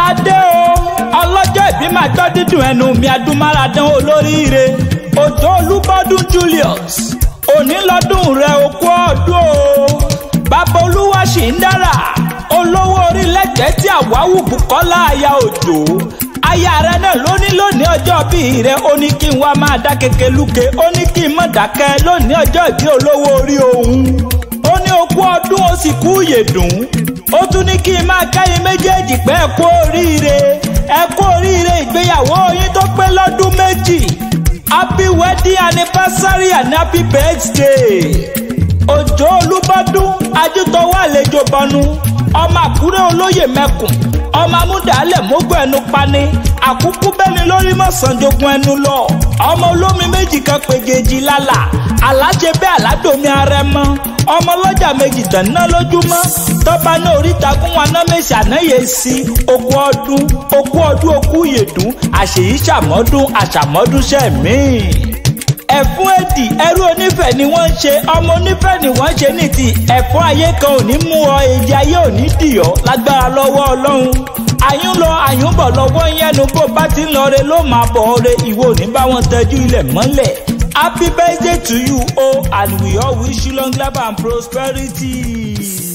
tá dé o ọlọ́jọ́ ìbí máa gbọ́ dídùn ẹnu mi adúmáradán olóríire òjò olúbọ́dún Julius òní lọ́dún rẹ okú ọdún o bàbá olúwa ṣì ń dára olówó orí lẹ́gbẹ̀ẹ́ tí àwáwù Bùkọ́lá aya òjò aya rẹ náà lónìí lónìí ọjọ́ bíi rẹ ó ní kí n wá máa dá kékeré lúke ó ní kí n mọ̀ dákẹ́ lónìí ọjọ́ ìbí olówó orí òun ó ní okú ọdún ó sì kú yèdùn ó tún ní kí n máa kẹ́yìn méjèèjì pé ẹ oríire ẹ oríire ìgbéyàwó yín tó pé lọ́dún méjì happy wedding anniversary and happy birthday òjò olúbọdún ajútọwọ àlejò bọnu ọmọ àkúrẹ́ olóyè mẹkùn, ọmọ amúdàálẹ̀ mógún ẹnu pani àkúkú lórí ọmọ olómi méjì kan aláṣẹ bẹ́ẹ̀ aládòmí ara mọ́ ọmọ ọlọ́jà méjì tàn ná lójúmọ́ tọ́ba náà oríta kún wọn náà méjì ànáyè sí okú ọdún okú ọdún okú yèdún àṣèyí ṣàmọ́dún àṣàmọ́dún ṣẹ̀mí. ẹ̀fún èdì ẹrú onífẹ̀ ni wọ́n ń ṣe ọmọ onífẹ̀ ni wọ́n ń ṣe ní ti ẹ̀fún ayé kan ò ní mú ọ èdè ayé ò ní dìọ́ lágbára lọ́wọ́ ọlọ́run àyún lọ àyún bọ̀ lọ́wọ́ yẹnu bó bá ti ń lọ re ló máa bọ̀ re ìwọ ò ní bá wọn tẹjú ilẹ̀ mọ́lẹ̀ Happy birthday to you, oh, and we all wish you long life and prosperity.